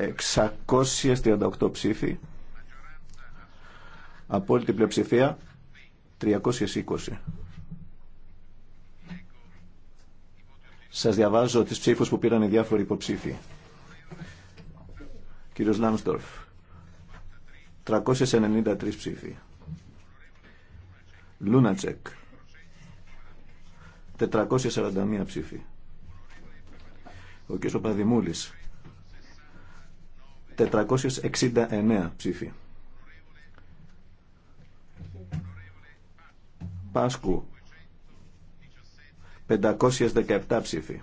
638 ψήφοι. Απόλυτη πλειοψηφία 320. Σας διαβάζω τις ψήφους που πήραν οι διάφοροι υποψήφοι. Κύριος Λάμστορφ, 393 ψήφοι. Λούνατσεκ, 441 ψήφοι. Ο κ. Παδημούλης, 469 ψήφοι. Πάσκου 517 ψήφοι.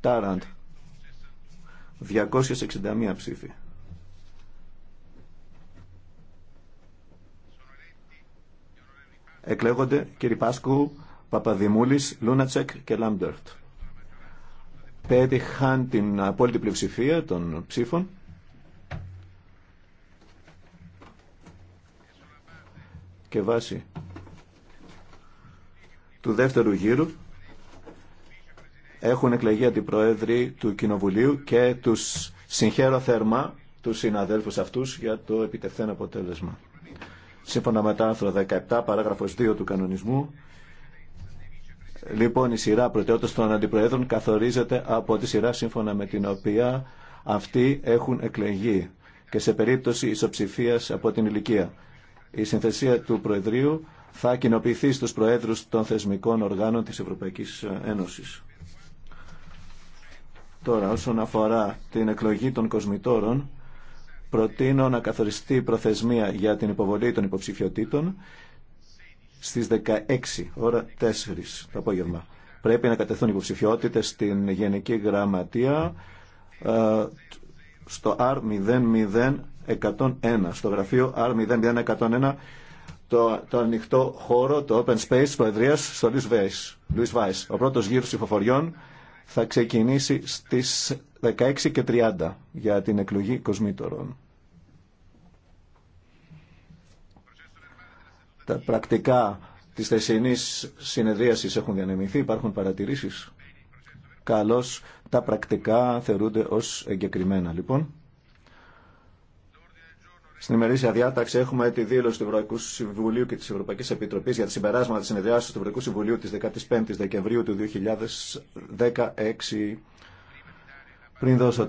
Τάραντ 261 ψήφοι. Εκλέγονται κύριοι Πάσκου, Παπαδημούλης, Λούνατσεκ και Λάμπτερτ πέτυχαν την απόλυτη πλειοψηφία των ψήφων. Και βάσει του δεύτερου γύρου έχουν εκλεγεί αντιπροέδροι του Κοινοβουλίου και τους συγχαίρω θερμά τους συναδέλφους αυτούς για το επιτευθέν αποτέλεσμα. Σύμφωνα με το άρθρο 17 παράγραφος 2 του κανονισμού Λοιπόν, η σειρά προτεραιότητα των αντιπροέδρων καθορίζεται από τη σειρά σύμφωνα με την οποία αυτοί έχουν εκλεγεί και σε περίπτωση ισοψηφία από την ηλικία. Η συνθεσία του Προεδρείου θα κοινοποιηθεί στους Προέδρους των θεσμικών οργάνων της Ευρωπαϊκής Ένωσης. Τώρα, όσον αφορά την εκλογή των κοσμητόρων, προτείνω να καθοριστεί προθεσμία για την υποβολή των υποψηφιωτήτων στις 16 ώρα 4 το απόγευμα. Πρέπει να κατεθούν υποψηφιότητε στην Γενική Γραμματεία ε, στο R00101, στο γραφείο R00101, το, ανοιχτό χώρο, το open space τη στο Louis Weiss. Ο πρώτος γύρος ψηφοφοριών θα ξεκινήσει στις 16.30 για την εκλογή κοσμήτωρων. Τα πρακτικά της θεσινής συνεδρίασης έχουν διανεμηθεί, υπάρχουν παρατηρήσεις. Καλώς τα πρακτικά θεωρούνται ως εγκεκριμένα. Λοιπόν, στην ημερήσια διάταξη έχουμε τη δήλωση του Ευρωπαϊκού Συμβουλίου και της Ευρωπαϊκής Επιτροπής για τα συμπεράσματα της συνεδρίασης του Ευρωπαϊκού Συμβουλίου της 15ης Δεκεμβρίου του 2016. Πριν δώσω